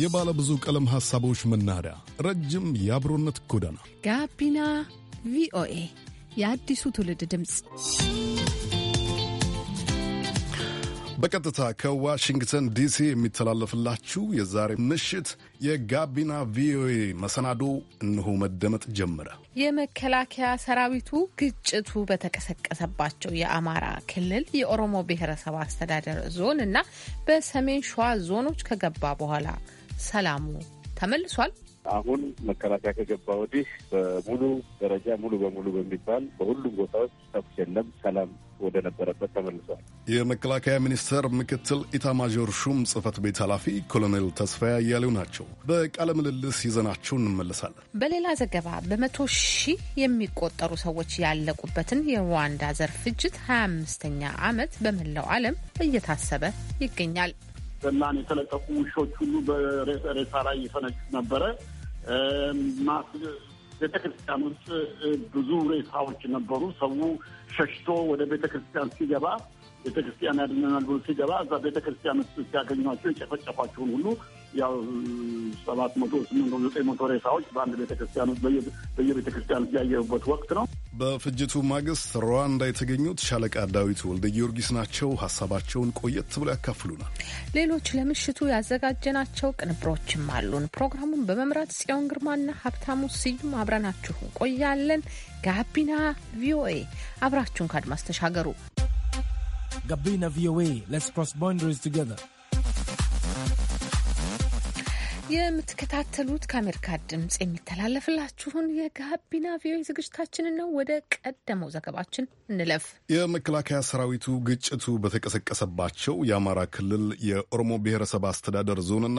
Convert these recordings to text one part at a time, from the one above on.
የባለ ብዙ ቀለም ሐሳቦች መናኸሪያ፣ ረጅም የአብሮነት ጎዳና ጋቢና ቪኦኤ የአዲሱ ትውልድ ድምፅ በቀጥታ ከዋሽንግተን ዲሲ የሚተላለፍላችሁ የዛሬ ምሽት የጋቢና ቪኦኤ መሰናዶ እነሆ መደመጥ ጀመረ። የመከላከያ ሰራዊቱ ግጭቱ በተቀሰቀሰባቸው የአማራ ክልል የኦሮሞ ብሔረሰብ አስተዳደር ዞን እና በሰሜን ሸዋ ዞኖች ከገባ በኋላ ሰላሙ ተመልሷል። አሁን መከላከያ ከገባ ወዲህ በሙሉ ደረጃ ሙሉ በሙሉ በሚባል በሁሉም ቦታዎች ተኩስ የለም፣ ሰላም ወደ ነበረበት ተመልሷል። የመከላከያ ሚኒስቴር ምክትል ኢታማዦር ሹም ጽህፈት ቤት ኃላፊ ኮሎኔል ተስፋዬ አያሌው ናቸው። በቃለ ምልልስ ይዘናቸው እንመለሳለን። በሌላ ዘገባ በመቶ ሺህ የሚቆጠሩ ሰዎች ያለቁበትን የሩዋንዳ ዘር ፍጅት 25ኛ ዓመት በመላው ዓለም እየታሰበ ይገኛል። ዘላን የተለቀቁ ውሾች ሁሉ በሬሳ ላይ እየፈነጩ ነበረ። ቤተክርስቲያን ውስጥ ብዙ ሬሳዎች ነበሩ። ሰው ሸሽቶ ወደ ቤተክርስቲያን ሲገባ ቤተክርስቲያን ያድነናል ብሎ ሲገባ እዛ ቤተክርስቲያን ውስጥ ሲያገኟቸው የጨፈጨፏቸውን ሁሉ ያው ሰባት መቶ ስምንት ዘጠኝ መቶ ሬሳዎች በአንድ ቤተክርስቲያን ውስጥ በየቤተክርስቲያን ያየሁበት ወቅት ነው በፍጅቱ ማግስት ሩዋንዳ የተገኙት ሻለቃ ዳዊት ወልደ ጊዮርጊስ ናቸው። ሀሳባቸውን ቆየት ብሎ ያካፍሉናል። ሌሎች ለምሽቱ ያዘጋጀናቸው ቅንብሮችም አሉን። ፕሮግራሙን በመምራት ጽዮን ግርማና ሀብታሙ ስዩም አብረናችሁ ቆያለን። ጋቢና ቪኦኤ አብራችሁን ከአድማስ ተሻገሩ። ጋቢና ቪኦኤ ሌትስ ክሮስ ባውንደሪስ ቱጌዘር የምትከታተሉት ከአሜሪካ ድምፅ የሚተላለፍላችሁን የጋቢና ቪኦኤ ዝግጅታችንን ነው። ወደ ቀደመው ዘገባችን እንለፍ። የመከላከያ ሰራዊቱ ግጭቱ በተቀሰቀሰባቸው የአማራ ክልል የኦሮሞ ብሔረሰብ አስተዳደር ዞንና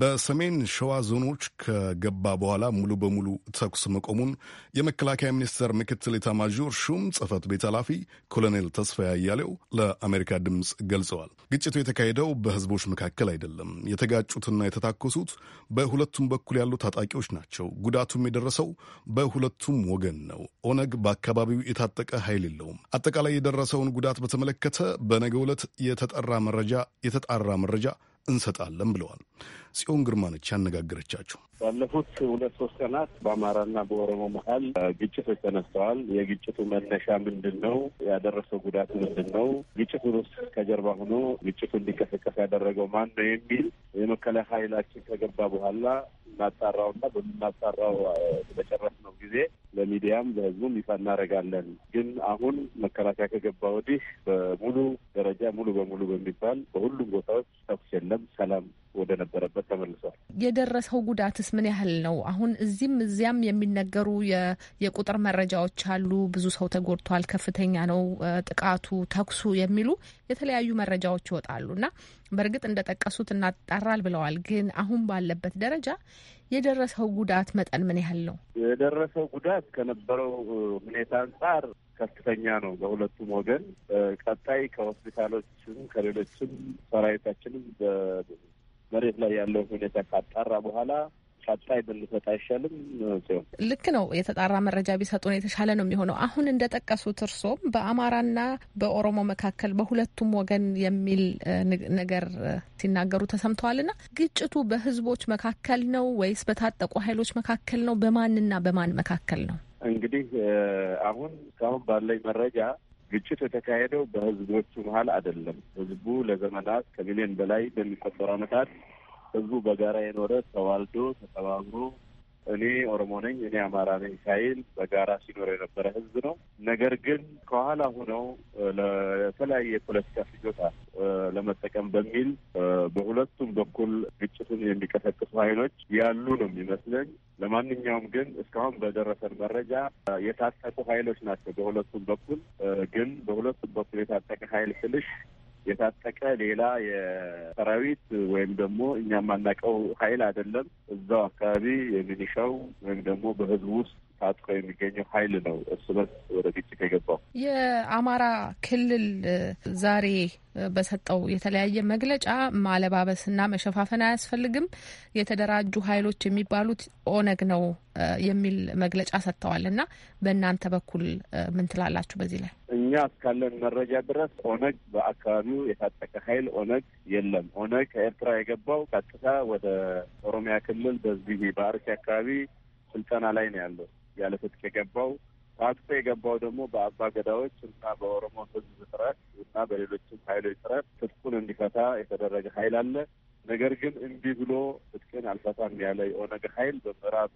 በሰሜን ሸዋ ዞኖች ከገባ በኋላ ሙሉ በሙሉ ተኩስ መቆሙን የመከላከያ ሚኒስቴር ምክትል ኤታማዦር ሹም ጽህፈት ቤት ኃላፊ ኮሎኔል ተስፋዬ አያሌው ለአሜሪካ ድምፅ ገልጸዋል። ግጭቱ የተካሄደው በህዝቦች መካከል አይደለም። የተጋጩትና የተታኮሱት በሁለቱም በኩል ያሉ ታጣቂዎች ናቸው። ጉዳቱም የደረሰው በሁለቱም ወገን ነው። ኦነግ በአካባቢው የታጠቀ ኃይል የለው የለውም። አጠቃላይ የደረሰውን ጉዳት በተመለከተ በነገው ዕለት የተጣራ መረጃ እንሰጣለን ብለዋል። ጽዮን ግርማ ነች ያነጋገረቻችሁ። ባለፉት ሁለት ሶስት ቀናት በአማራና በኦሮሞ መሀል ግጭቶች ተነስተዋል። የግጭቱ መነሻ ምንድን ነው? ያደረሰው ጉዳት ምንድን ነው? ግጭቱ ውስጥ ከጀርባ ሆኖ ግጭቱ እንዲቀሰቀስ ያደረገው ማን ነው የሚል የመከላከያ ኃይላችን ከገባ በኋላ እናጣራውና በምናጣራው በጨረስነው ጊዜ ለሚዲያም ለህዝቡም ይፋ እናደርጋለን። ግን አሁን መከላከያ ከገባ ወዲህ በሙሉ ደረጃ ሙሉ በሙሉ በሚባል በሁሉም ቦታዎች ተኩስ የለም፣ ሰላም ወደ ነበረበት ተመልሷል። የደረሰው ጉዳትስ ምን ያህል ነው? አሁን እዚህም እዚያም የሚነገሩ የቁጥር መረጃዎች አሉ። ብዙ ሰው ተጎድቷል፣ ከፍተኛ ነው ጥቃቱ፣ ተኩሱ የሚሉ የተለያዩ መረጃዎች ይወጣሉ እና በእርግጥ እንደጠቀሱት እናጣራል ብለዋል። ግን አሁን ባለበት ደረጃ የደረሰው ጉዳት መጠን ምን ያህል ነው? የደረሰው ጉዳት ከነበረው ሁኔታ አንጻር ከፍተኛ ነው በሁለቱም ወገን። ቀጣይ ከሆስፒታሎችም ከሌሎችም ሰራዊታችንም መሬት ላይ ያለው ሁኔታ ካጣራ በኋላ ቀጣይ ብንሰጥ አይሻልም? ልክ ነው። የተጣራ መረጃ ቢሰጡን የተሻለ ነው የሚሆነው። አሁን እንደ ጠቀሱት እርሶም በአማራና በኦሮሞ መካከል በሁለቱም ወገን የሚል ነገር ሲናገሩ ተሰምተዋልና ግጭቱ በህዝቦች መካከል ነው ወይስ በታጠቁ ኃይሎች መካከል ነው? በማንና በማን መካከል ነው? እንግዲህ አሁን እስካሁን ባለኝ መረጃ ግጭት የተካሄደው በህዝቦቹ መሀል አይደለም። ህዝቡ ለዘመናት ከሚሊዮን በላይ በሚቆጠሩ ዓመታት ህዝቡ በጋራ የኖረ ተዋልዶ ተጠባብሮ እኔ ኦሮሞ ነኝ፣ እኔ አማራ ነኝ ሳይል በጋራ ሲኖር የነበረ ህዝብ ነው። ነገር ግን ከኋላ ሆነው ለተለያየ የፖለቲካ ፍጆታ ለመጠቀም በሚል በሁለቱም በኩል ግጭቱን የሚቀሰቅሱ ኃይሎች ያሉ ነው የሚመስለኝ። ለማንኛውም ግን እስካሁን በደረሰን መረጃ የታጠቁ ኃይሎች ናቸው በሁለቱም በኩል ግን በሁለቱም በኩል የታጠቀ ኃይል ስልሽ የታጠቀ ሌላ የሰራዊት ወይም ደግሞ እኛ የማናውቀው ኃይል አይደለም። እዛው አካባቢ የሚኒሻው ወይም ደግሞ በህዝቡ ውስጥ ታጥቆ የሚገኘው ኃይል ነው እርስ በርስ ወደ ግጭት የገባው። የአማራ ክልል ዛሬ በሰጠው የተለያየ መግለጫ ማለባበስና መሸፋፈን አያስፈልግም፣ የተደራጁ ኃይሎች የሚባሉት ኦነግ ነው የሚል መግለጫ ሰጥተዋል እና በእናንተ በኩል ምን ትላላችሁ በዚህ ላይ? እኛ እስካለን መረጃ ድረስ ኦነግ በአካባቢው የታጠቀ ኃይል ኦነግ የለም። ኦነግ ከኤርትራ የገባው ቀጥታ ወደ ኦሮሚያ ክልል በዚህ በአርሲ አካባቢ ስልጠና ላይ ነው ያለው። ያለ ትጥቅ የገባው ታጥቆ የገባው ደግሞ በአባ ገዳዎች እና በኦሮሞ ህዝብ ጥረት እና በሌሎችም ሀይሎች ጥረት ትጥቁን እንዲፈታ የተደረገ ሀይል አለ። ነገር ግን እምቢ ብሎ ትጥቅን አልፈታም ያለ የኦነግ ሀይል በምዕራብ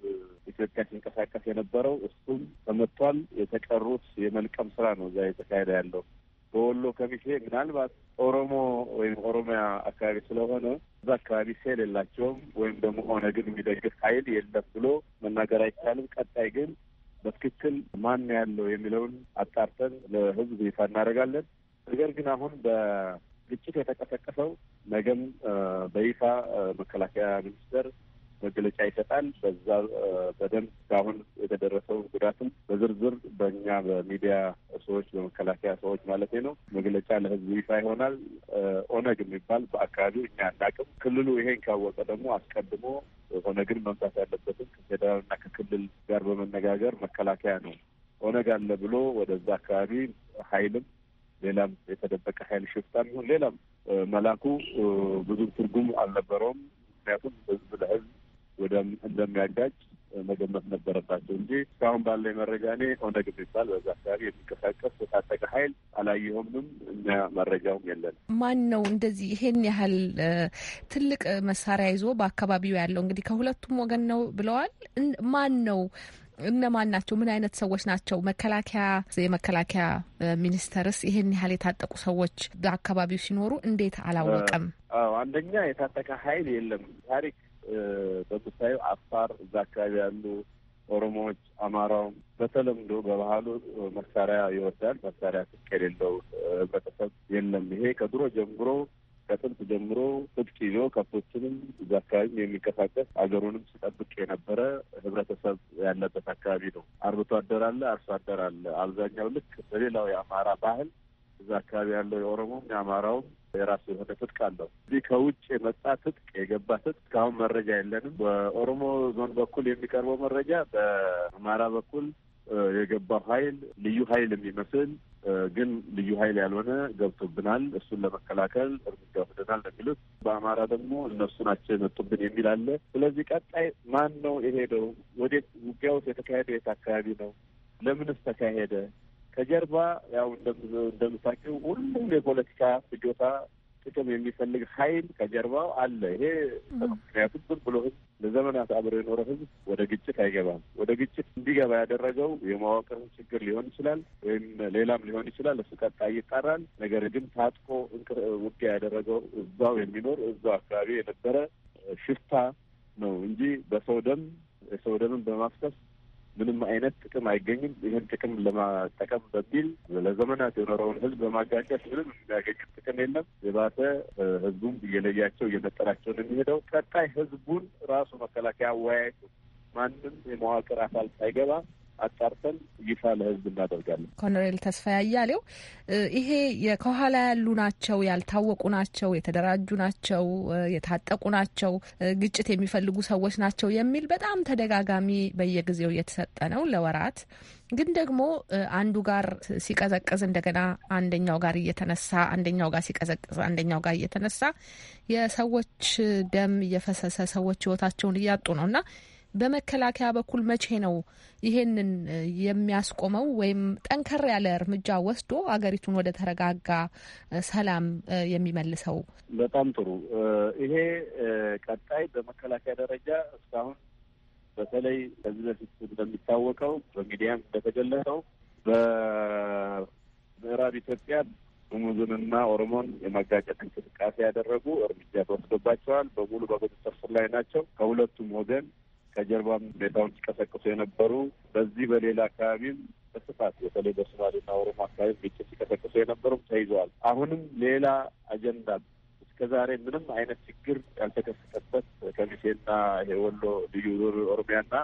ኢትዮጵያ ሲንቀሳቀስ የነበረው እሱም ተመቷል። የተቀሩት የመልቀም ስራ ነው እዛ የተካሄደ ያለው። በወሎ ከሚሴ ምናልባት ኦሮሞ ወይም ኦሮሚያ አካባቢ ስለሆነ እዛ አካባቢ ሴል የላቸውም ወይም ደግሞ ኦነግን የሚደግፍ ሀይል የለም ብሎ መናገር አይቻልም። ቀጣይ ግን በትክክል ማን ያለው የሚለውን አጣርተን ለህዝብ ይፋ እናደርጋለን። ነገር ግን አሁን በግጭት የተቀሰቀሰው ነገም በይፋ መከላከያ ሚኒስቴር መግለጫ ይሰጣል። በዛ በደንብ እስካሁን የተደረሰው ጉዳትም በዝርዝር በእኛ በሚዲያ ሰዎች በመከላከያ ሰዎች ማለት ነው መግለጫ ለህዝቡ ይፋ ይሆናል። ኦነግ የሚባል በአካባቢው እኛ ያላቅም ክልሉ ይሄን ካወቀ ደግሞ አስቀድሞ ኦነግን መምጣት ያለበትን ከፌዴራልና ከክልል ጋር በመነጋገር መከላከያ ነው ኦነግ አለ ብሎ ወደዛ አካባቢ ኃይልም ሌላም የተደበቀ ኃይል ሽፍታም ይሁን ሌላም መላኩ ብዙ ትርጉም አልነበረውም። ምክንያቱም ህዝብ ለህዝብ እንደሚያጋጭ መገመት ነበረባቸው እንጂ እስካሁን ባለ መረጃ እኔ ኦነግ ይባል በዛ አካባቢ የሚንቀሳቀስ የታጠቀ ኃይል አላየሁምም። እኛ መረጃውም የለን። ማን ነው እንደዚህ ይሄን ያህል ትልቅ መሳሪያ ይዞ በአካባቢው ያለው? እንግዲህ ከሁለቱም ወገን ነው ብለዋል። ማን ነው? እነማን ናቸው? ምን አይነት ሰዎች ናቸው? መከላከያ የመከላከያ ሚኒስቴርስ ይሄን ያህል የታጠቁ ሰዎች በአካባቢው ሲኖሩ እንዴት አላወቀም? አዎ አንደኛ የታጠቀ ኃይል የለም ታሪክ በምታዩ አፋር እዛ አካባቢ ያሉ ኦሮሞዎች፣ አማራው በተለምዶ በባህሉ መሳሪያ ይወዳል። መሳሪያ ስቅ የሌለው ህብረተሰብ የለም። ይሄ ከድሮ ጀምሮ ከጥንት ጀምሮ ትጥቅ ይዞ ከብቶችንም እዚ አካባቢ የሚንቀሳቀስ አገሩንም ሲጠብቅ የነበረ ህብረተሰብ ያለበት አካባቢ ነው። አርብቶ አደር አለ፣ አርሶ አደር አለ። አብዛኛው ልክ በሌላው የአማራ ባህል እዛ አካባቢ ያለው የኦሮሞም የአማራውም የራሱ የሆነ ትጥቅ አለው። እዚህ ከውጭ የመጣ ትጥቅ የገባ ትጥቅ እስካሁን መረጃ የለንም። በኦሮሞ ዞን በኩል የሚቀርበው መረጃ በአማራ በኩል የገባው ኃይል ልዩ ኃይል የሚመስል ግን ልዩ ኃይል ያልሆነ ገብቶብናል፣ እሱን ለመከላከል እርምጃ ወስደናል የሚሉት። በአማራ ደግሞ እነሱ ናቸው የመጡብን የሚል አለ። ስለዚህ ቀጣይ ማን ነው የሄደው? ወዴት ውጊያውስ የተካሄደው? የት አካባቢ ነው? ለምንስ ተካሄደ? ከጀርባ ያው እንደምታውቂው ሁሉም የፖለቲካ ፍጆታ ጥቅም የሚፈልግ ኃይል ከጀርባው አለ። ይሄ ምክንያቱም ዝም ብሎ ህዝብ ለዘመናት አብሮ የኖረ ህዝብ ወደ ግጭት አይገባም። ወደ ግጭት እንዲገባ ያደረገው የማዋቅር ችግር ሊሆን ይችላል፣ ወይም ሌላም ሊሆን ይችላል። እሱ ቀጣይ ይጣራል። ነገር ግን ታጥቆ ውጊያ ያደረገው እዛው የሚኖር እዛው አካባቢ የነበረ ሽፍታ ነው እንጂ በሰው ደም የሰው ደምን በማፍሰስ ምንም አይነት ጥቅም አይገኝም። ይህን ጥቅም ለማጠቀም በሚል ለዘመናት የኖረውን ህዝብ በማጋጨት ምንም የሚያገኝ ጥቅም የለም። የባሰ ህዝቡም እየለያቸው እየመጠላቸው ነው የሚሄደው። ቀጣይ ህዝቡን ራሱ መከላከያ አወያየቱ ማንም የመዋቅር አካል ሳይገባ አጣርተን ይፋ ለህዝብ እናደርጋለን። ኮሎኔል ተስፋ ያያሌው፣ ይሄ ከኋላ ያሉ ናቸው፣ ያልታወቁ ናቸው፣ የተደራጁ ናቸው፣ የታጠቁ ናቸው፣ ግጭት የሚፈልጉ ሰዎች ናቸው የሚል በጣም ተደጋጋሚ በየጊዜው እየተሰጠ ነው ለወራት ግን ደግሞ አንዱ ጋር ሲቀዘቅዝ እንደገና አንደኛው ጋር እየተነሳ አንደኛው ጋር ሲቀዘቅዝ አንደኛው ጋር እየተነሳ የሰዎች ደም እየፈሰሰ ሰዎች ህይወታቸውን እያጡ ነው እና በመከላከያ በኩል መቼ ነው ይሄንን የሚያስቆመው ወይም ጠንከር ያለ እርምጃ ወስዶ አገሪቱን ወደ ተረጋጋ ሰላም የሚመልሰው? በጣም ጥሩ። ይሄ ቀጣይ በመከላከያ ደረጃ እስካሁን በተለይ ከዚህ በፊት እንደሚታወቀው በሚዲያም እንደተገለጸው በምዕራብ ኢትዮጵያ ጉሙዝንና ኦሮሞን የማጋጨት እንቅስቃሴ ያደረጉ እርምጃ ተወስዶባቸዋል። በሙሉ በቁጥጥር ስር ላይ ናቸው። ከሁለቱም ወገን ከጀርባም ሁኔታውን ሲቀሰቅሱ የነበሩ በዚህ በሌላ አካባቢም በስፋት በተለይ በሶማሌና ኦሮሞ አካባቢ ግጭት ሲቀሰቅሱ የነበሩም ተይዘዋል። አሁንም ሌላ አጀንዳ እስከዛሬ ምንም አይነት ችግር ያልተከሰተበት ከሚሴና የወሎ ልዩ ኦሮሚያና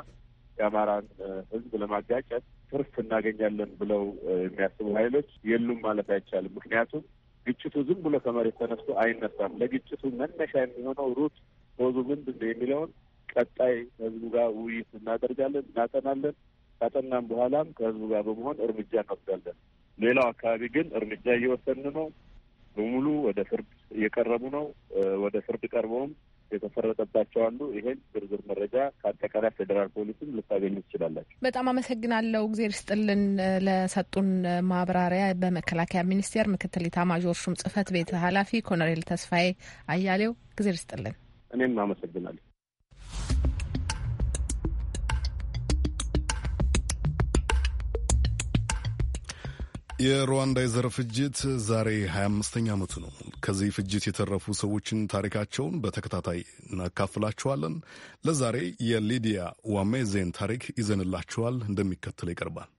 የአማራን ህዝብ ለማጋጨት ትርፍ እናገኛለን ብለው የሚያስቡ ኃይሎች የሉም ማለት አይቻልም። ምክንያቱም ግጭቱ ዝም ብሎ ከመሬት ተነስቶ አይነሳም። ለግጭቱ መነሻ የሚሆነው ሩት ሆዙ ምንድን የሚለውን ቀጣይ ከህዝቡ ጋር ውይይት እናደርጋለን፣ እናጠናለን። ካጠናም በኋላም ከህዝቡ ጋር በመሆን እርምጃ እንወስዳለን። ሌላው አካባቢ ግን እርምጃ እየወሰድን ነው። በሙሉ ወደ ፍርድ እየቀረቡ ነው። ወደ ፍርድ ቀርበውም የተፈረጠባቸው አሉ። ይሄን ዝርዝር መረጃ ከአጠቃላይ ፌዴራል ፖሊስም ልታገኙ ትችላላችሁ። በጣም አመሰግናለሁ። እግዜር ስጥልን ለሰጡን ማብራሪያ። በመከላከያ ሚኒስቴር ምክትል ኢታማዦር ሹም ጽህፈት ቤት ኃላፊ ኮሎኔል ተስፋዬ አያሌው እግዜር ስጥልን። እኔም አመሰግናለሁ። የሩዋንዳ የዘር ፍጅት ዛሬ 25ኛ ዓመቱ ነው። ከዚህ ፍጅት የተረፉ ሰዎችን ታሪካቸውን በተከታታይ እናካፍላችኋለን። ለዛሬ የሊዲያ ዋሜዜን ታሪክ ይዘንላችኋል፣ እንደሚከተለው ይቀርባል።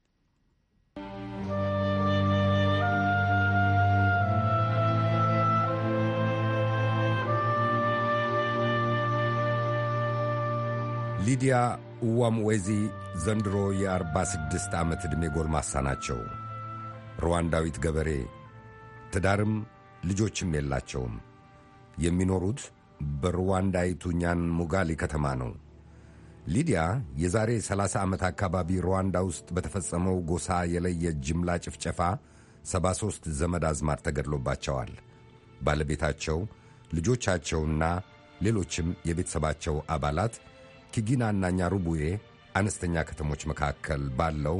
ሊዲያ ዋምዌዚ ዘንድሮ የ46 ዓመት ዕድሜ ጎልማሳ ናቸው። ሩዋንዳዊት ገበሬ ትዳርም ልጆችም የላቸውም። የሚኖሩት በሩዋንዳይቱ ኛን ሙጋሊ ከተማ ነው። ሊዲያ የዛሬ 30 ዓመት አካባቢ ሩዋንዳ ውስጥ በተፈጸመው ጎሳ የለየ ጅምላ ጭፍጨፋ 73 ዘመድ አዝማር ተገድሎባቸዋል። ባለቤታቸው፣ ልጆቻቸውና ሌሎችም የቤተሰባቸው አባላት ኪጊናና ኛሩቡዬ አነስተኛ ከተሞች መካከል ባለው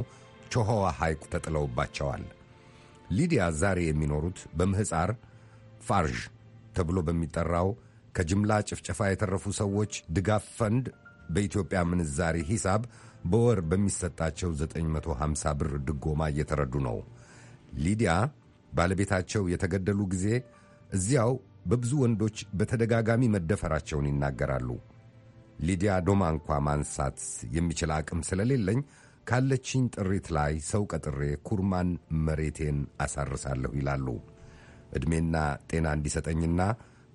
ቾሆዋ ሐይቅ ተጥለውባቸዋል። ሊዲያ ዛሬ የሚኖሩት በምህፃር ፋርዥ ተብሎ በሚጠራው ከጅምላ ጭፍጨፋ የተረፉ ሰዎች ድጋፍ ፈንድ በኢትዮጵያ ምንዛሬ ሂሳብ በወር በሚሰጣቸው 950 ብር ድጎማ እየተረዱ ነው። ሊዲያ ባለቤታቸው የተገደሉ ጊዜ እዚያው በብዙ ወንዶች በተደጋጋሚ መደፈራቸውን ይናገራሉ። ሊዲያ ዶማ እንኳ ማንሳት የሚችል አቅም ስለሌለኝ ካለችኝ ጥሪት ላይ ሰው ቀጥሬ ኩርማን መሬቴን አሳርሳለሁ ይላሉ። ዕድሜና ጤና እንዲሰጠኝና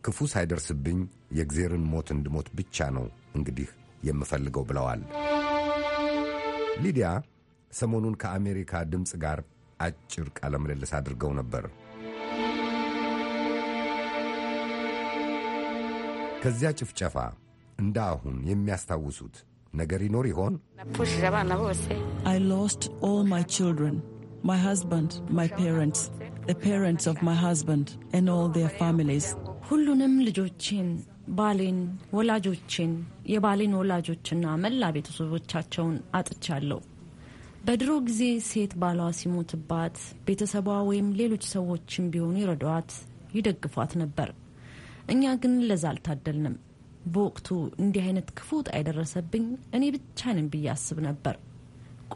ክፉ ሳይደርስብኝ የእግዜርን ሞት እንድሞት ብቻ ነው እንግዲህ የምፈልገው ብለዋል። ሊዲያ ሰሞኑን ከአሜሪካ ድምፅ ጋር አጭር ቃለ ምልልስ አድርገው ነበር። ከዚያ ጭፍጨፋ እንደ አሁን የሚያስታውሱት ነገር ይኖር ይሆን? ሁሉንም ልጆቼን፣ ባሌን፣ ወላጆቼን፣ የባሌን ወላጆችና መላ ቤተሰቦቻቸውን አጥቻለሁ። በድሮ ጊዜ ሴት ባሏ ሲሞትባት ቤተሰቧ ወይም ሌሎች ሰዎችም ቢሆኑ ይረዷት፣ ይደግፏት ነበር። እኛ ግን ለዛ አልታደልንም። በወቅቱ እንዲህ አይነት ክፉ አይደረሰብኝ የደረሰብኝ እኔ ብቻ ነኝ ብዬ አስብ ነበር።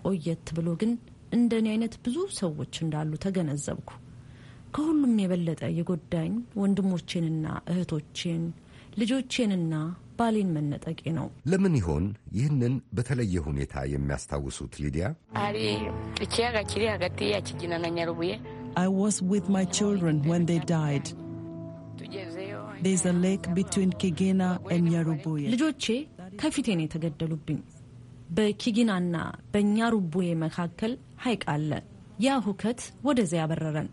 ቆየት ብሎ ግን እንደ እኔ አይነት ብዙ ሰዎች እንዳሉ ተገነዘብኩ። ከሁሉም የበለጠ የጎዳኝ ወንድሞቼንና እህቶቼን ልጆቼንና ባሌን መነጠቄ ነው። ለምን ይሆን ይህንን በተለየ ሁኔታ የሚያስታውሱት? ሊዲያ I was with my children when they died. ልጆቼ ከፊቴን የተገደሉብኝ። በኪጊናና በኛሩቡዬ መካከል ሐይቅ አለ። ያ ሁከት ወደዚያ ያበረረን።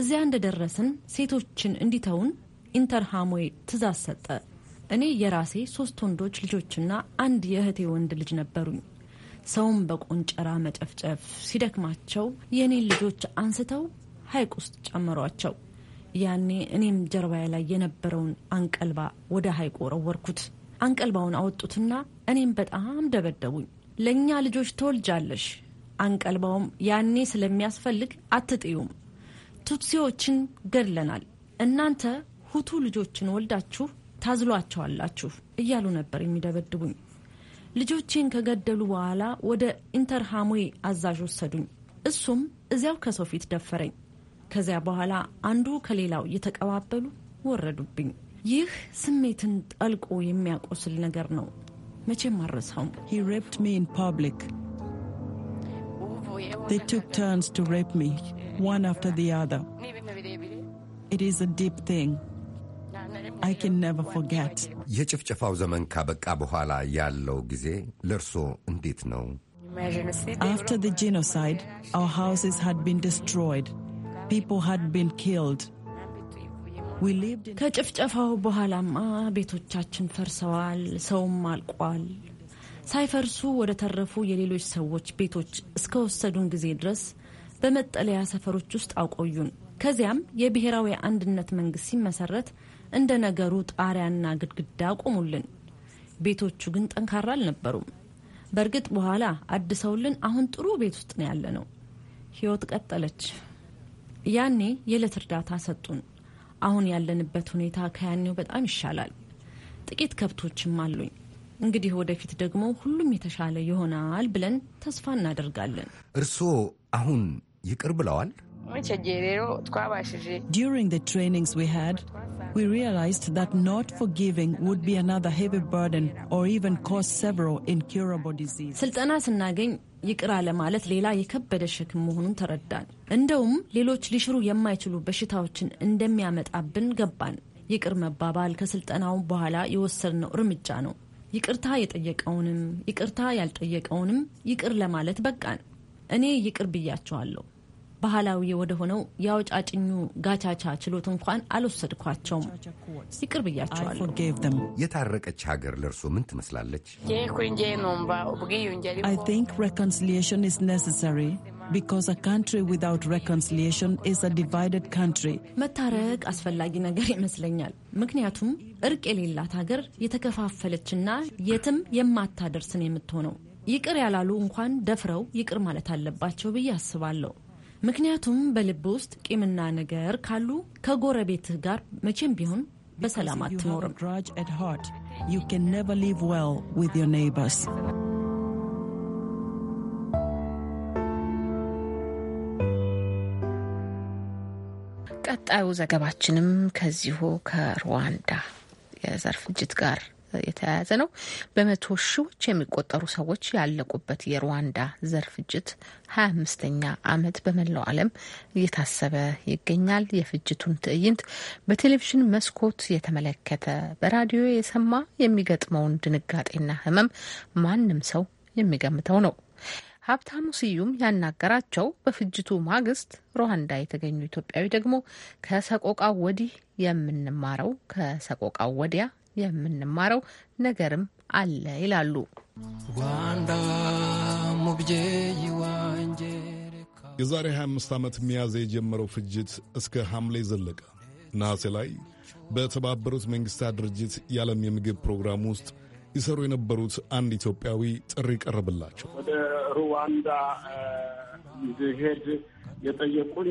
እዚያ እንደደረስን ሴቶችን እንዲተውን ኢንተርሃሞዌ ትእዛዝ ሰጠ። እኔ የራሴ ሶስት ወንዶች ልጆችና አንድ የእህቴ ወንድ ልጅ ነበሩኝ። ሰውን በቆንጨራ መጨፍጨፍ ሲደክማቸው የእኔን ልጆች አንስተው ሐይቅ ውስጥ ጨመሯቸው። ያኔ እኔም ጀርባዬ ላይ የነበረውን አንቀልባ ወደ ሐይቁ ወረወርኩት። አንቀልባውን አወጡትና እኔም በጣም ደበደቡኝ። ለእኛ ልጆች ትወልጃለሽ፣ አንቀልባውም ያኔ ስለሚያስፈልግ አትጥዩም። ቱትሲዎችን ገድለናል፣ እናንተ ሁቱ ልጆችን ወልዳችሁ ታዝሏቸዋላችሁ እያሉ ነበር የሚደበድቡኝ። ልጆቼን ከገደሉ በኋላ ወደ ኢንተርሃሙዌ አዛዥ ወሰዱኝ። እሱም እዚያው ከሰው ፊት ደፈረኝ። ከዚያ በኋላ አንዱ ከሌላው እየተቀባበሉ ወረዱብኝ። ይህ ስሜትን ጠልቆ የሚያቆስል ነገር ነው። መቼም አረሳውም። He raped me in public. They took turns to rape me, one after the other. It is a deep thing. I can never forget. የጭፍጨፋው ዘመን ካበቃ በኋላ ያለው ጊዜ ለእርሶ እንዴት ነው? After the genocide, our houses had been destroyed. ከጭፍጨፋው በኋላማ ቤቶቻችን ፈርሰዋል፣ ሰውም አልቋል። ሳይፈርሱ ወደ ተረፉ የሌሎች ሰዎች ቤቶች እስከወሰዱን ጊዜ ድረስ በመጠለያ ሰፈሮች ውስጥ አቆዩን። ከዚያም የብሔራዊ አንድነት መንግስት ሲመሰረት እንደ ነገሩ ጣሪያና ግድግዳ አቆሙልን። ቤቶቹ ግን ጠንካራ አልነበሩም። በእርግጥ በኋላ አድሰውልን አሁን ጥሩ ቤት ውስጥ ነው ያለ ነው። ህይወት ቀጠለች። ያኔ የዕለት እርዳታ ሰጡን። አሁን ያለንበት ሁኔታ ከያኔው በጣም ይሻላል። ጥቂት ከብቶችም አሉኝ። እንግዲህ ወደፊት ደግሞ ሁሉም የተሻለ ይሆናል ብለን ተስፋ እናደርጋለን። እርስዎ አሁን ይቅር ብለዋል? During the trainings we had, we realized that not forgiving would be another heavy burden or even cause several incurable diseases. ይቅር አለማለት ሌላ የከበደ ሸክም መሆኑን ተረዳን። እንደውም ሌሎች ሊሽሩ የማይችሉ በሽታዎችን እንደሚያመጣብን ገባን። ይቅር መባባል ከስልጠናው በኋላ የወሰድነው እርምጃ ነው። ይቅርታ የጠየቀውንም ይቅርታ ያልጠየቀውንም ይቅር ለማለት በቃን። እኔ ይቅር ብያቸዋለሁ። ባህላዊ ወደ ሆነው የአውጫጭኙ ጋቻቻ ችሎት እንኳን አልወሰድኳቸውም። ይቅር ብያቸዋለሁ። የታረቀች ሀገር ለእርሶ ምን ትመስላለች? መታረቅ አስፈላጊ ነገር ይመስለኛል። ምክንያቱም እርቅ የሌላት ሀገር የተከፋፈለችና የትም የማታደርስን የምትሆነው። ይቅር ያላሉ እንኳን ደፍረው ይቅር ማለት አለባቸው ብዬ አስባለሁ። ምክንያቱም በልብ ውስጥ ቂምና ነገር ካሉ ከጎረቤትህ ጋር መቼም ቢሆን በሰላም አትኖርም። ቀጣዩ ዘገባችንም ከዚሁ ከሩዋንዳ የዘር ፍጅት ጋር የተያያዘ ነው። በመቶ ሺዎች የሚቆጠሩ ሰዎች ያለቁበት የሩዋንዳ ዘር ፍጅት ሀያ አምስተኛ ዓመት በመላው ዓለም እየታሰበ ይገኛል። የፍጅቱን ትዕይንት በቴሌቪዥን መስኮት የተመለከተ በራዲዮ የሰማ የሚገጥመውን ድንጋጤና ህመም ማንም ሰው የሚገምተው ነው። ሀብታሙ ስዩም ያናገራቸው በፍጅቱ ማግስት ሩዋንዳ የተገኙ ኢትዮጵያዊ ደግሞ ከሰቆቃው ወዲህ የምንማረው ከሰቆቃው ወዲያ የምንማረው ነገርም አለ ይላሉ። የዛሬ 25 ዓመት ሚያዝያ የጀመረው ፍጅት እስከ ሐምሌ ዘለቀ። ነሐሴ ላይ በተባበሩት መንግሥታት ድርጅት የዓለም የምግብ ፕሮግራም ውስጥ ይሰሩ የነበሩት አንድ ኢትዮጵያዊ ጥሪ ቀረብላቸው። ወደ ሩዋንዳ እንድሄድ የጠየቁኝ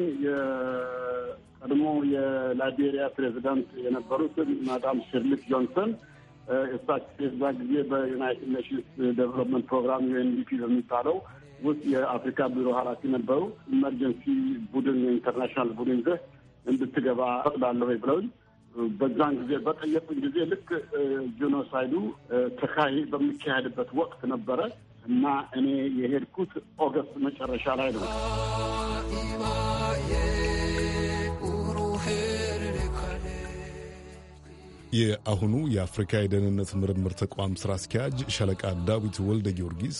ቀድሞ የላይቤሪያ ፕሬዚዳንት የነበሩት ማዳም ሽርሊክ ጆንሰን እሳቸው የዛ ጊዜ በዩናይትድ ኔሽንስ ዴቨሎፕመንት ፕሮግራም ዩኤንዲፒ በሚባለው ውስጥ የአፍሪካ ቢሮ ኃላፊ ነበሩ። ኢመርጀንሲ ቡድን የኢንተርናሽናል ቡድን ዘህ እንድትገባ ፈቅዳለሁ ብለውኝ በዛን ጊዜ በጠየቁኝ ጊዜ ልክ ጂኖሳይዱ ተካሂ በሚካሄድበት ወቅት ነበረ እና እኔ የሄድኩት ኦገስት መጨረሻ ላይ ነው። የአሁኑ የአፍሪካ የደህንነት ምርምር ተቋም ሥራ አስኪያጅ ሸለቃ ዳዊት ወልደ ጊዮርጊስ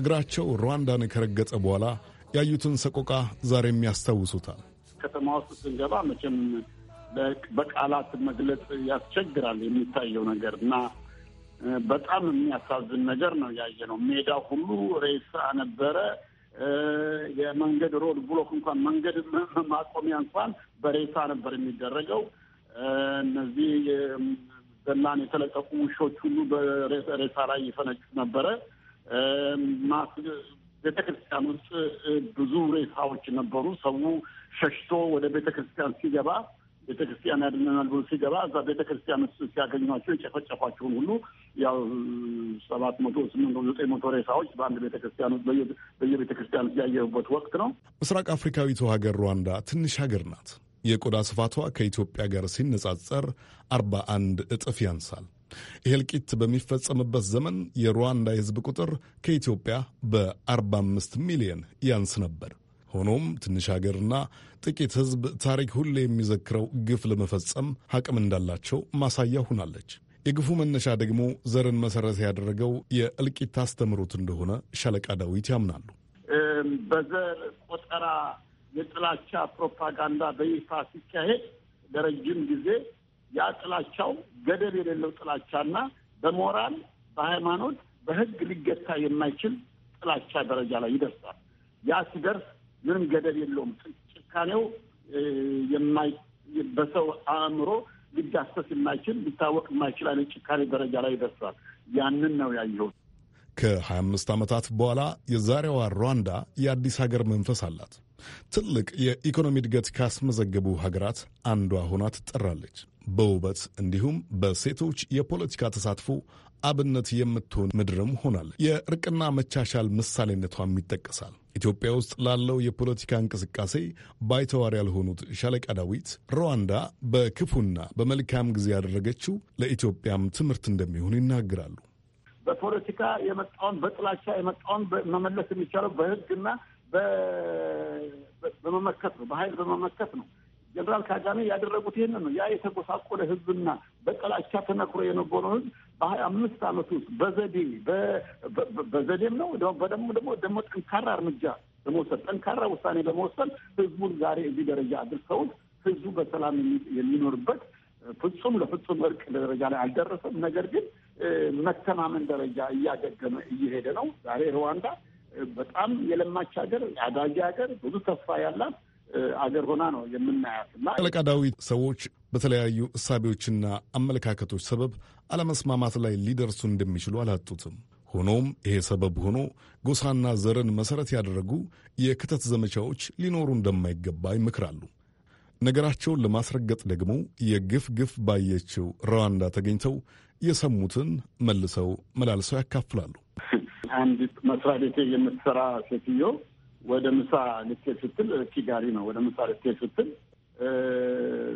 እግራቸው ሩዋንዳን ከረገጠ በኋላ ያዩትን ሰቆቃ ዛሬም ያስታውሱታል። ከተማ ውስጥ ስንገባ መቼም በቃላት መግለጽ ያስቸግራል የሚታየው ነገር እና በጣም የሚያሳዝን ነገር ነው ያየ ነው። ሜዳ ሁሉ ሬሳ ነበረ። የመንገድ ሮድ ብሎክ እንኳን መንገድ ማቆሚያ እንኳን በሬሳ ነበር የሚደረገው። እነዚህ ዘላን የተለቀቁ ውሾች ሁሉ በሬሳ ላይ ይፈነጩ ነበረ። ቤተ ክርስቲያን ውስጥ ብዙ ሬሳዎች ነበሩ። ሰው ሸሽቶ ወደ ቤተ ክርስቲያን ሲገባ ቤተ ክርስቲያን ያድነናል ብሎ ሲገባ እዛ ቤተ ክርስቲያን ውስጥ ሲያገኟቸው የጨፈጨፏቸውን ሁሉ ያው ሰባት መቶ ስምንት መቶ ዘጠኝ መቶ ሬሳዎች በአንድ ቤተ ክርስቲያን ውስጥ በየቤተ ክርስቲያን ያየሁበት ወቅት ነው። ምስራቅ አፍሪካዊቱ ሀገር ሩዋንዳ ትንሽ ሀገር ናት። የቆዳ ስፋቷ ከኢትዮጵያ ጋር ሲነጻጸር 41 እጥፍ ያንሳል። ይህ እልቂት በሚፈጸምበት ዘመን የሩዋንዳ የሕዝብ ቁጥር ከኢትዮጵያ በ45 ሚሊዮን ያንስ ነበር። ሆኖም ትንሽ ሀገርና ጥቂት ሕዝብ ታሪክ ሁሌ የሚዘክረው ግፍ ለመፈጸም አቅም እንዳላቸው ማሳያ ሆናለች። የግፉ መነሻ ደግሞ ዘርን መሰረት ያደረገው የእልቂት አስተምህሮት እንደሆነ ሻለቃ ዳዊት ያምናሉ። በዘር ቆጠራ የጥላቻ ፕሮፓጋንዳ በይፋ ሲካሄድ ለረጅም ጊዜ ያ ጥላቻው ገደብ የሌለው ጥላቻና በሞራል በሃይማኖት፣ በህግ ሊገታ የማይችል ጥላቻ ደረጃ ላይ ይደርሳል። ያ ሲደርስ ምንም ገደብ የለውም። ጭካኔው በሰው አእምሮ ሊዳሰስ የማይችል ሊታወቅ የማይችል አይነት ጭካኔ ደረጃ ላይ ይደርሳል። ያንን ነው ያየሁት። ከሀያ አምስት ዓመታት በኋላ የዛሬዋ ሩዋንዳ የአዲስ ሀገር መንፈስ አላት። ትልቅ የኢኮኖሚ እድገት ካስመዘገቡ ሀገራት አንዷ ሆና ትጠራለች። በውበት እንዲሁም በሴቶች የፖለቲካ ተሳትፎ አብነት የምትሆን ምድርም ሆናል። የእርቅና መቻሻል ምሳሌነቷም ይጠቀሳል። ኢትዮጵያ ውስጥ ላለው የፖለቲካ እንቅስቃሴ ባይተዋር ያልሆኑት ሻለቃ ዳዊት ሩዋንዳ በክፉና በመልካም ጊዜ ያደረገችው ለኢትዮጵያም ትምህርት እንደሚሆን ይናገራሉ። በፖለቲካ የመጣውን በጥላቻ የመጣውን መመለስ የሚቻለው በሕግና በመመከት ነው፣ በኃይል በመመከት ነው። ጀነራል ካጋሜ ያደረጉት ይህንን ነው። ያ የተጎሳቆለ ህዝብና በጥላቻ ተነክሮ የነበረው ህዝብ በሀያ አምስት አመት ውስጥ በዘዴ በዘዴም ነው በደሞ ደግሞ ደግሞ ጠንካራ እርምጃ በመውሰድ ጠንካራ ውሳኔ በመወሰን ህዝቡን ዛሬ እዚህ ደረጃ አድርሰውት ህዝቡ በሰላም የሚኖርበት ፍጹም ለፍጹም እርቅ ደረጃ ላይ አልደረሰም። ነገር ግን መተማመን ደረጃ እያገገመ እየሄደ ነው። ዛሬ ሩዋንዳ በጣም የለማች ሀገር አዳጊ ሀገር ብዙ ተስፋ ያላት አገር ሆና ነው የምናያት እና ጠለቃ ዳዊት ሰዎች በተለያዩ እሳቤዎችና አመለካከቶች ሰበብ አለመስማማት ላይ ሊደርሱ እንደሚችሉ አላጡትም። ሆኖም ይሄ ሰበብ ሆኖ ጎሳና ዘርን መሰረት ያደረጉ የክተት ዘመቻዎች ሊኖሩ እንደማይገባ ይመክራሉ። ነገራቸውን ለማስረገጥ ደግሞ የግፍ ግፍ ባየችው ሩዋንዳ ተገኝተው የሰሙትን መልሰው መላልሰው ያካፍላሉ። አንዲት መስሪያ ቤቴ የምትሰራ ሴትዮ ወደ ምሳ ልኬ ስትል ኪጋሪ ነው። ወደ ምሳ ልኬ ስትል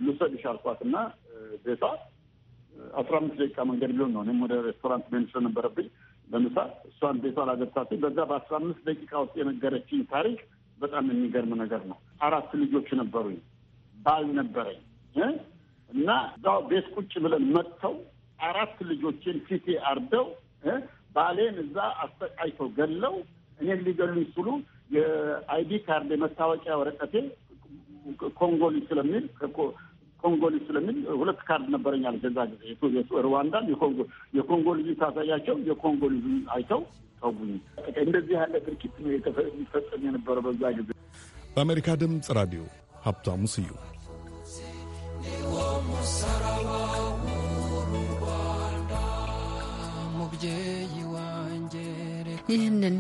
ልውሰድሽ አልኳትና ቤቷ አስራ አምስት ደቂቃ መንገድ ቢሆን ነው። እኔም ወደ ሬስቶራንት መሄድ ስለነበረብኝ በምሳ እሷን ቤቷ ላገብታት በዛ በአስራ አምስት ደቂቃ ውስጥ የነገረችኝ ታሪክ በጣም የሚገርም ነገር ነው። አራት ልጆች ነበሩኝ፣ ባል ነበረኝ እና እዛው ቤት ቁጭ ብለን መጥተው አራት ልጆችን ፊቴ አርደው ባሌን እዛ አስጠቃይተው ገለው እኔን ሊገሉኝ ስሉ የአይዲ ካርድ የመታወቂያ ወረቀቴ ኮንጎሊ ስለሚል ኮንጎሊ ስለሚል ሁለት ካርድ ነበረኝ ገዛ ጊዜ ሩዋንዳን የኮንጎ ልጅ ታሳያቸው የኮንጎ ልጅ አይተው ተጉኝ። እንደዚህ ያለ ድርጊት ነው የሚፈጸም የነበረ በዛ ጊዜ። በአሜሪካ ድምፅ ራዲዮ ሀብታሙ ስዩ ይህንን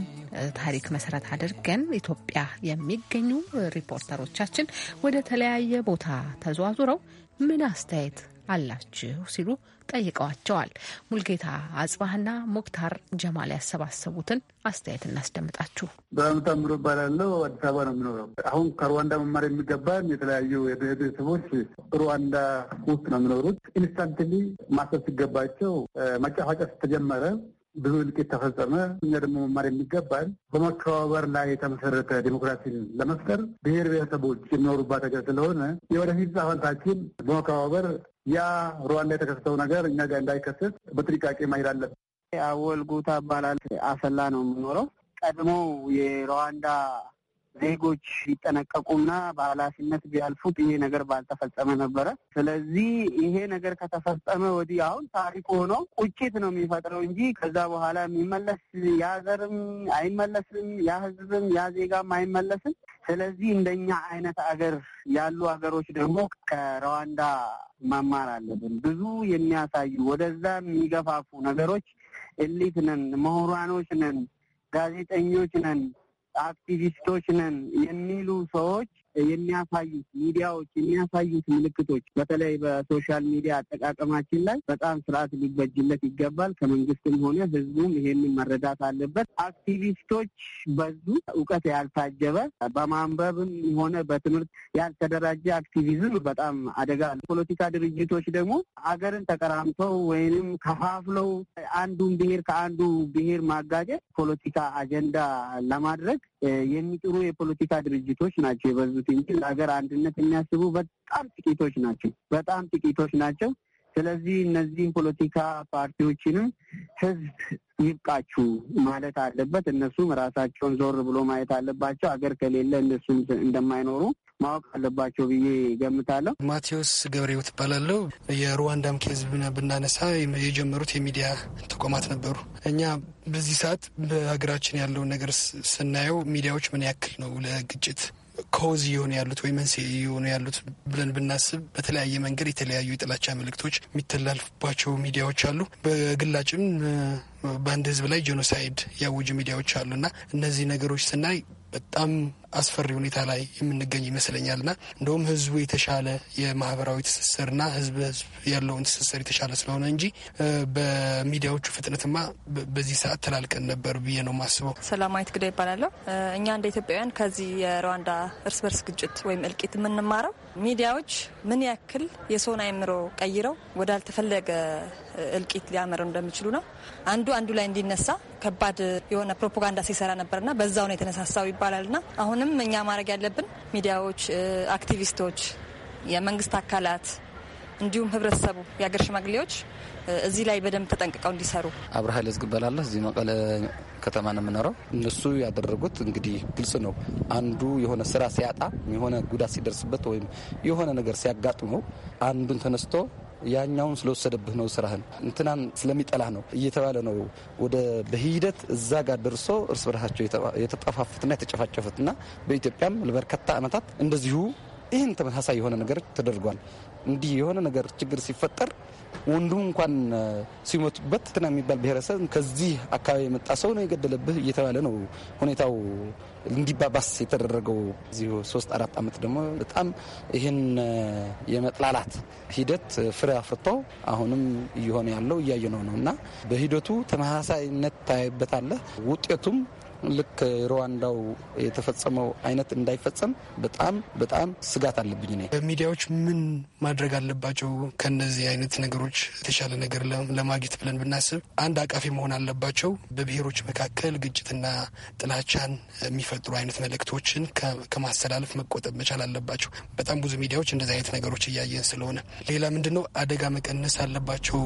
ታሪክ መሰረት አድርገን ኢትዮጵያ የሚገኙ ሪፖርተሮቻችን ወደ ተለያየ ቦታ ተዘዋዙረው ምን አስተያየት አላችሁ ሲሉ ጠይቀዋቸዋል። ሙልጌታ አጽባህና ሙክታር ጀማል ያሰባሰቡትን አስተያየት እናስደምጣችሁ። በምታምሮ እባላለሁ። አዲስ አበባ ነው የምኖረው። አሁን ከሩዋንዳ መማር የሚገባን የተለያዩ ቤተሰቦች ሩዋንዳ ውስጥ ነው የምኖሩት። ኢንስታንትሊ ማሰብ ሲገባቸው መጫፋጫ ተጀመረ። ብዙ እልቂት ተፈጸመ። እኛ ደግሞ መማር የሚገባል በመከባበር ላይ የተመሰረተ ዲሞክራሲን ለመፍጠር ብሔር ብሔረሰቦች የሚኖሩባት ሀገር ስለሆነ የወደፊት ጻፈንታችን በመከባበር ያ ሩዋንዳ የተከሰተው ነገር እኛ ጋር እንዳይከሰት በጥንቃቄ መሄድ አለብን። አወል ጉታ እባላለሁ። አሰላ ነው የምኖረው። ቀድሞ የሩዋንዳ ዜጎች ይጠነቀቁና በኃላፊነት ቢያልፉት ይሄ ነገር ባልተፈጸመ ነበረ። ስለዚህ ይሄ ነገር ከተፈጸመ ወዲህ አሁን ታሪክ ሆኖ ቁጭት ነው የሚፈጥረው እንጂ ከዛ በኋላ የሚመለስ ያ ዘርም አይመለስም፣ ያ ህዝብም ያ ዜጋም አይመለስም። ስለዚህ እንደኛ አይነት አገር ያሉ አገሮች ደግሞ ከረዋንዳ መማር አለብን። ብዙ የሚያሳዩ ወደዛ የሚገፋፉ ነገሮች ኤሊት ነን፣ ምሁራኖች ነን፣ ጋዜጠኞች ነን አክቲቪስቶች ነን የሚሉ ሰዎች የሚያሳዩት ሚዲያዎች የሚያሳዩት ምልክቶች በተለይ በሶሻል ሚዲያ አጠቃቀማችን ላይ በጣም ስርዓት ሊበጅለት ይገባል። ከመንግስትም ሆነ ህዝቡም ይሄንን መረዳት አለበት። አክቲቪስቶች በዙ። እውቀት ያልታጀበ በማንበብም ሆነ በትምህርት ያልተደራጀ አክቲቪዝም በጣም አደጋ አለ። ፖለቲካ ድርጅቶች ደግሞ አገርን ተቀራምተው ወይንም ከፋፍለው አንዱን ብሄር ከአንዱ ብሄር ማጋጨት ፖለቲካ አጀንዳ ለማድረግ የሚጥሩ የፖለቲካ ድርጅቶች ናቸው የበዙት እንጂ ለሀገር አንድነት የሚያስቡ በጣም ጥቂቶች ናቸው። በጣም ጥቂቶች ናቸው። ስለዚህ እነዚህ ፖለቲካ ፓርቲዎችንም ህዝብ ይብቃችሁ ማለት አለበት። እነሱም ራሳቸውን ዞር ብሎ ማየት አለባቸው። ሀገር ከሌለ እነሱም እንደማይኖሩ ማወቅ አለባቸው ብዬ ገምታለሁ። ማቴዎስ ገብሬው ትባላለሁ። የሩዋንዳም ኬዝ ብናነሳ የጀመሩት የሚዲያ ተቋማት ነበሩ። እኛ በዚህ ሰዓት በሀገራችን ያለውን ነገር ስናየው ሚዲያዎች ምን ያክል ነው ለግጭት ኮዝ የሆኑ ያሉት ወይ መንስኤ የሆኑ ያሉት ብለን ብናስብ በተለያየ መንገድ የተለያዩ የጥላቻ ምልክቶች የሚተላልፍባቸው ሚዲያዎች አሉ። በግላጭም በአንድ ህዝብ ላይ ጄኖሳይድ ያውጁ ሚዲያዎች እና እነዚህ ነገሮች ስናይ በጣም አስፈሪ ሁኔታ ላይ የምንገኝ ይመስለኛል ና እንደውም ህዝቡ የተሻለ የማህበራዊ ትስስር ና ህዝብ ህዝብ ያለውን ትስስር የተሻለ ስለሆነ እንጂ በሚዲያዎቹ ፍጥነትማ በዚህ ሰዓት ተላልቀን ነበር ብዬ ነው ማስበው። ሰላማዊት ግዳ ይባላለሁ። እኛ እንደ ኢትዮጵያውያን ከዚህ የሩዋንዳ እርስ በርስ ግጭት ወይም እልቂት የምንማረው ሚዲያዎች ምን ያክል የሰውን አይምሮ ቀይረው ወዳልተፈለገ እልቂት ሊያመረው እንደሚችሉ ነው። አንዱ አንዱ ላይ እንዲነሳ ከባድ የሆነ ፕሮፓጋንዳ ሲሰራ ነበርና በዛው ነው የተነሳሳው ይባላልና አሁን አሁንም እኛ ማድረግ ያለብን ሚዲያዎች፣ አክቲቪስቶች፣ የመንግስት አካላት እንዲሁም ህብረተሰቡ፣ የሀገር ሽማግሌዎች እዚህ ላይ በደንብ ተጠንቅቀው እንዲሰሩ። አብረ ሀይል ዝግ እባላለሁ። እዚህ መቀለ ከተማ ነው የምኖረው። እነሱ ያደረጉት እንግዲህ ግልጽ ነው። አንዱ የሆነ ስራ ሲያጣ፣ የሆነ ጉዳት ሲደርስበት፣ ወይም የሆነ ነገር ሲያጋጥመው አንዱን ተነስቶ ያኛውን ስለወሰደብህ ነው ስራህን እንትናን ስለሚጠላህ ነው እየተባለ ነው ወደ በሂደት እዛ ጋር ደርሶ እርስ በርሳቸው የተጠፋፉትና የተጨፋጨፉትና በኢትዮጵያም ለበርካታ ዓመታት እንደዚሁ ይህን ተመሳሳይ የሆነ ነገር ተደርጓል። እንዲህ የሆነ ነገር ችግር ሲፈጠር ወንዱ እንኳን ሲሞቱበት ትና የሚባል ብሔረሰብ ከዚህ አካባቢ የመጣ ሰው ነው የገደለብህ እየተባለ ነው ሁኔታው እንዲባባስ የተደረገው እዚሁ ሶስት አራት ዓመት ደግሞ በጣም ይህን የመጥላላት ሂደት ፍሬ አፍርቶ አሁንም እየሆነ ያለው እያየነው ነው ነው እና በሂደቱ ተመሳሳይነት ታይበታለህ ውጤቱም ልክ ሩዋንዳው የተፈጸመው አይነት እንዳይፈጸም በጣም በጣም ስጋት አለብኝ። ነ ሚዲያዎች ምን ማድረግ አለባቸው? ከነዚህ አይነት ነገሮች የተሻለ ነገር ለማግኘት ብለን ብናስብ አንድ አቃፊ መሆን አለባቸው። በብሔሮች መካከል ግጭትና ጥላቻን የሚፈጥሩ አይነት መልእክቶችን ከማስተላለፍ መቆጠብ መቻል አለባቸው። በጣም ብዙ ሚዲያዎች እንደዚህ አይነት ነገሮች እያየን ስለሆነ ሌላ ምንድነው አደጋ መቀነስ አለባቸው።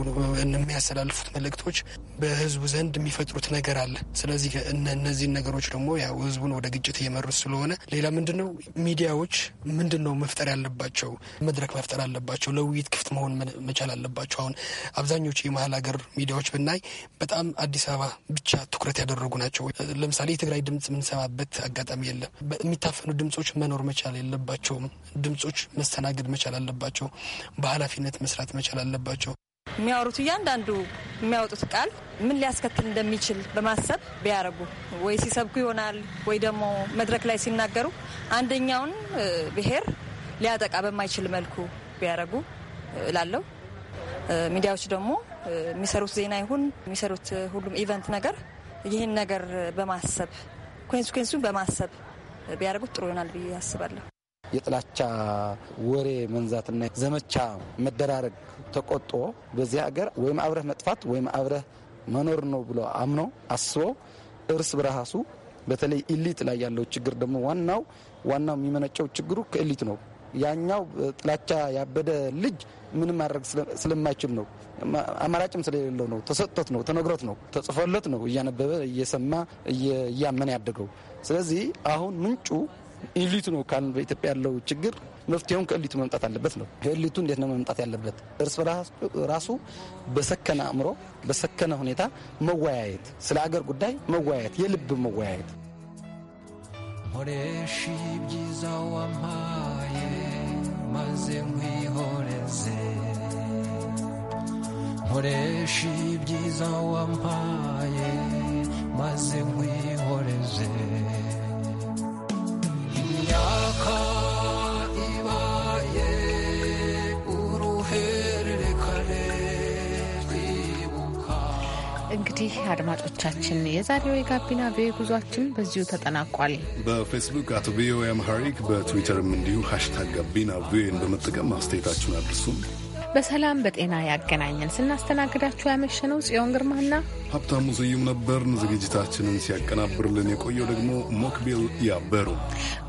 የሚያስተላልፉት መልእክቶች በህዝቡ ዘንድ የሚፈጥሩት ነገር አለ። ስለዚህ እነዚህ እነዚህን ነገሮች ደግሞ ያው ህዝቡን ወደ ግጭት እየመሩት ስለሆነ ሌላ ምንድን ነው ሚዲያዎች ምንድን ነው መፍጠር ያለባቸው መድረክ መፍጠር አለባቸው። ለውይይት ክፍት መሆን መቻል አለባቸው። አሁን አብዛኞቹ የመሀል ሀገር ሚዲያዎች ብናይ በጣም አዲስ አበባ ብቻ ትኩረት ያደረጉ ናቸው። ለምሳሌ የትግራይ ድምጽ የምንሰማበት አጋጣሚ የለም። የሚታፈኑ ድምጾች መኖር መቻል የለባቸውም። ድምጾች መስተናገድ መቻል አለባቸው። በሀላፊነት መስራት መቻል አለባቸው። የሚያወሩት እያንዳንዱ የሚያወጡት ቃል ምን ሊያስከትል እንደሚችል በማሰብ ቢያረጉ ወይ ሲሰብኩ ይሆናል ወይ ደግሞ መድረክ ላይ ሲናገሩ አንደኛውን ብሔር ሊያጠቃ በማይችል መልኩ ቢያረጉ እላለሁ። ሚዲያዎች ደግሞ የሚሰሩት ዜና ይሁን የሚሰሩት ሁሉም ኢቨንት ነገር ይህን ነገር በማሰብ ኮንስኮንሱን በማሰብ ቢያደርጉት ጥሩ ይሆናል ብዬ አስባለሁ። የጥላቻ ወሬ መንዛትና ዘመቻ መደራረግ ተቆጦ በዚህ ሀገር ወይም አብረህ መጥፋት ወይም አብረህ መኖር ነው ብሎ አምኖ አስቦ እርስ በራሱ በተለይ ኢሊት ላይ ያለው ችግር ደግሞ ዋናው ዋናው የሚመነጨው ችግሩ ከኢሊት ነው። ያኛው ጥላቻ ያበደ ልጅ ምንም ማድረግ ስለማይችል ነው። አማራጭም ስለሌለው ነው። ተሰጥቶት ነው፣ ተነግሮት ነው፣ ተጽፎለት ነው፣ እያነበበ እየሰማ እያመነ ያደገው። ስለዚህ አሁን ምንጩ ኢሊቱ ነው ካን በኢትዮጵያ ያለው ችግር መፍትሄውን ከእሊቱ መምጣት አለበት ነው። ከእሊቱ እንዴት ነው መምጣት ያለበት? እርስ ራሱ በሰከነ አእምሮ፣ በሰከነ ሁኔታ መወያየት፣ ስለ አገር ጉዳይ መወያየት፣ የልብ መወያየት nkoresha ibyiza wampaye ማዘሙ nkwihoreze nkoresha ibyiza wampaye maze nkwihoreze እንግዲህ አድማጮቻችን የዛሬው የጋቢና ቪኦኤ ጉዟችን በዚሁ ተጠናቋል። በፌስቡክ አቶ ቪኦኤ አምሃሪክ በትዊተርም እንዲሁ ሀሽታግ ጋቢና ቪኦኤን በመጠቀም አስተያየታችሁን አድርሱም። በሰላም በጤና ያገናኘን። ስናስተናግዳችሁ ያመሸነው ጽዮን ግርማና ሀብታሙ ስዩም ነበርን። ዝግጅታችንን ሲያቀናብርልን የቆየው ደግሞ ሞክቤል ያበሩ።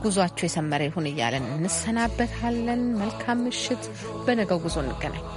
ጉዟችሁ የሰመረ ይሁን እያለን እንሰናበታለን። መልካም ምሽት። በነገው ጉዞ እንገናኝ።